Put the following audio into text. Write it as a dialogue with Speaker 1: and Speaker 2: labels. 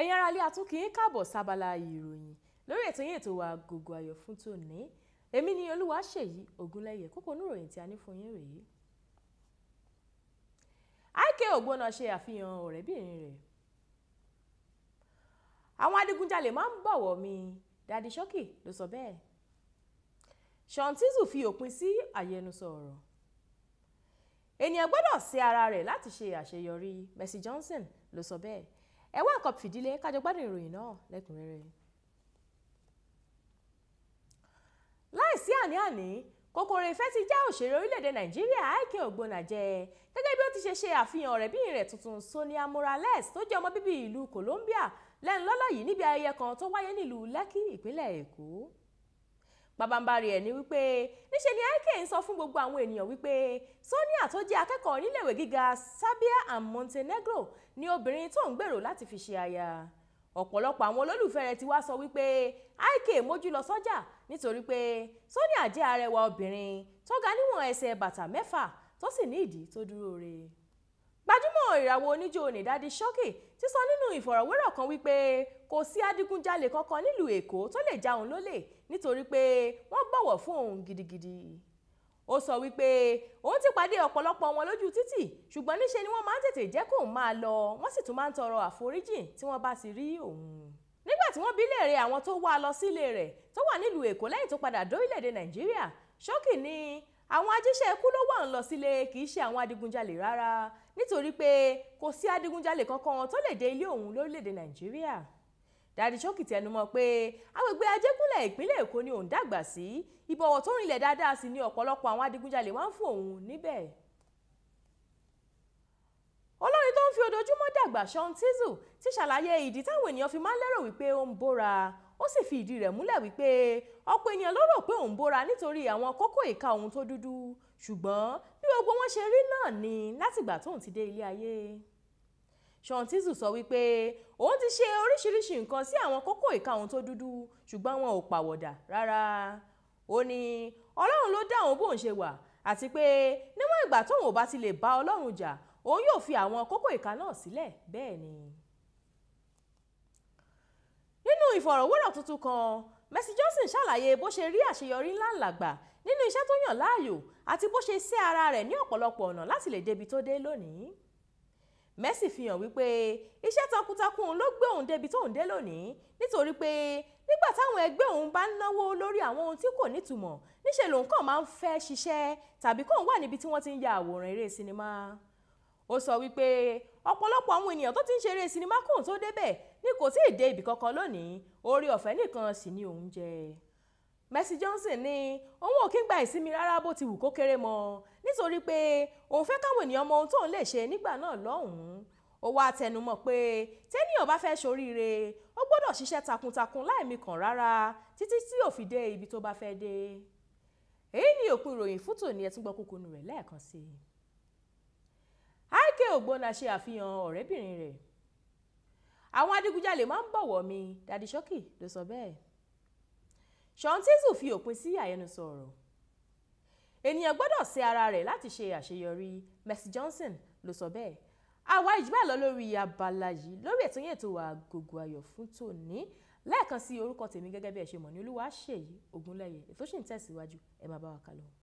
Speaker 1: ẹ̀yin aráalé àtúnkìyín káàbọ̀ sábàlá ìròyìn lórí ètò yín ètò wa Agogo Ayọ̀ fún tòní èmi ni Olúwaṣèyí Ògúnlẹ́yẹ kókó oníròyìn tí a ní fún yín rèé. Ike Ògbónà ṣe àfihàn ọ̀rẹ́bìnrin rẹ̀ àwọn adigunjalè máa ń bọ̀wọ̀ mi Dadi Ṣókì ló sọ bẹ́ẹ̀ Sean fi òpin sí àyẹnusọ ọ̀rọ̀ ènìyàn gbọ́dọ̀ ṣe ara rẹ̀ láti ṣe àṣeyọrí Mercy Johnson ló sọ bẹ́ẹ̀ ẹ wá nǹkan fìdílé kájọ gbádùn ìròyìn náà lẹ́kùnrẹ́rẹ́. láìsí àní-àní kòkòrò ìfẹ́ ti já òṣèré orílẹ̀-èdè nàìjíríà Ike Ogbonna jẹ gẹ́gẹ́ bí ó ti ṣe ṣe àfihàn ọ̀rẹ́bìnrin rẹ̀ tuntun Sonia Morales tó jẹ́ ọmọ bíbí ìlú Colombia lẹ́nu lọ́lọ́ yìí níbi ayẹyẹ kan tó wáyé nílùú Lẹ́kì ìpínlẹ̀ Èkó. Babambari ẹ̀ ni wípé níṣe ni ike ń sọ fún gbogbo àwọn ènìyàn wípé Sonia tó jẹ́ akẹ́kọ̀ọ́ níléèwé gíga Serbia and Montenegro ni obìnrin tó ń gbèrò láti fi ṣe aya ọ̀pọ̀lọpọ̀ àwọn olólùfẹ́ rẹ̀ ti wá sọ wípé ike mójú lọ sọ́jà nítorí pé Sonia jẹ́ arẹwà obìnrin tó ga níwọ̀n ẹsẹ̀ bàtà mẹ́fà tó sì ní ìdí tó dúró re ìràwọ̀ oníjó ní Daddy Showkey ti sọ nínú ìfọ̀rọ̀wérọ̀ kan wípé kò sí adigunjalè kankan nílùú Èkó tó lè já òun lólè nítorí pé wọ́n bọ̀wọ̀ fún òun gidigidi ó sọ wípé òun ti pàdé ọ̀pọ̀lọpọ̀ wọn lójú títì ṣùgbọ́n níṣe ni wọ́n máa ń tètè jẹ́ kóun máa lọ wọ́n sì tún máa ń tọrọ àforíjìn tí wọ́n bá ti rí òun nígbà tí wọ́n bi léèrè àwọn tó wá lọ sílé rẹ̀ tó wà nílùú Èkó lẹ́yìn tó padà dórílẹ̀-èdè Nàìjíríà Showkey ní àwọn ajíṣẹ́kú ló wà ń lọ sílé kì í ṣe àwọn adigunjalè rárá nítorí pé kò sí adigunjalè kankan tó lè dé ilé òun lórílẹ̀‐èdè nàìjíríà dádì ṣókì tẹnumọ́ pé agbègbè ajégúnlẹ̀ ìpínlẹ̀ èkó ni òun dàgbà sí ìbọ̀wọ̀ tó rinlẹ̀ dáadáa sí ni ọ̀pọ̀lọpọ̀ àwọn adigunjalè wá ń fún òun níbẹ̀ olórin tó ń fi ojoojúmọ́ dàgbà Sean Tizzle ti ṣàlàyé ìdí táwọn ènìyàn fi máa ń lérò wípé ó ń bóra ó sì fi ìdí rẹ̀ múlẹ̀ wípé ọ̀pọ̀ ènìyàn ló rò pé òun bóra nítorí àwọn kókó ìka òun tó dúdú ṣùgbọ́n bí gbogbo wọn ṣe rí náà ni látìgbà tóun ti dé ilé ayé ṣọ̀ǹtìzù sọ wípé òun ti ṣe oríṣiríṣi nǹkan sí àwọn kókó ìka òun tó dúdú ṣùgbọ́n wọn ò pàwọ̀dà rárá ó ní ọlọ́run ló dá òun bóun ṣe wà àti pé níwọ̀n ìgbà tóun ò bá ti lè bá ọlọ́run jà òun yóò fi àwọn kókó ìka náà sílẹ̀ bẹ́ẹ̀ ni nínú ìfọ̀rọ̀wérọ̀ tuntun kan Mercy Johnson ṣàlàyé bó ṣe rí àṣeyọrí ńláńlá gbà nínú iṣẹ́ tó yàn láàyò àti bó ṣe sé ara rẹ̀ ní ọ̀pọ̀lọpọ̀ ọ̀nà láti lè débi tó dé lónìí Mercy fi hàn wípé iṣẹ́ takuntakun ló gbé òun débi tóun dé lónìí nítorí pé nígbà táwọn ẹgbẹ́ òun bá ń náwó lórí àwọn ohun tí kò nítumọ̀ níṣe lòun kàn máa ń fẹ́ ṣiṣẹ́ tàbí kóun wà níbi tí wọ́n ti ń ya àwòrán eré sinimá ó sọ wípé ọ̀pọ̀lọpọ̀ àwọn ènìyàn tó ti ń ṣeré sinimá kóun tó débẹ̀ ni kò tí ì dé ibì kankan lónìí orí ọ̀fẹ́ nìkan sì ni òun jẹ Mercy Johnson ní òun ò kí gba ìsinmi rárá bó ti wù kó kéré mọ́ nítorí pé òun fẹ́ káwọn ènìyàn mọ ohun tóun lè ṣe nígbà náà lọ́hùn-ún ó wá tẹnumọ́ pé tẹ́nìyàn bá fẹ́ ṣoríire ó gbọ́dọ̀ ṣiṣẹ́ takuntakun láìmí kan rárá títí tí ò fi dé ibi tó bá fẹ́ dé èyí ni òpin ìròyìn fún tòní ẹ tún gbọ́ sí i. Ògbónà ṣe àfihàn ọ̀rẹ́bìnrin rẹ̀ àwọn adigunjalè máa ń bọ̀wọ̀ mi Dadi Ṣọ́kì ló sọ bẹ́ẹ̀ Sean Tizzle fi òpin sí àyẹnusọ ọ̀rọ̀ ènìyàn gbọ́dọ̀ ṣe ara rẹ̀ láti ṣe àṣeyọrí Mercy Johnson ló sọ bẹ́ẹ̀ àwa ìjìbá lọ lórí abala yìí lórí ètò yẹn tó wà Agogo Ayọ̀ fún tòní lẹ́ẹ̀kan sí orúkọ tèmi gẹ́gẹ́ bí ẹ ṣe mọ̀ ní Olúwaṣèyí Ògúnlẹ̀yẹ ètò sì ń tẹ̀síwájú ẹ máa bá wa kálọ.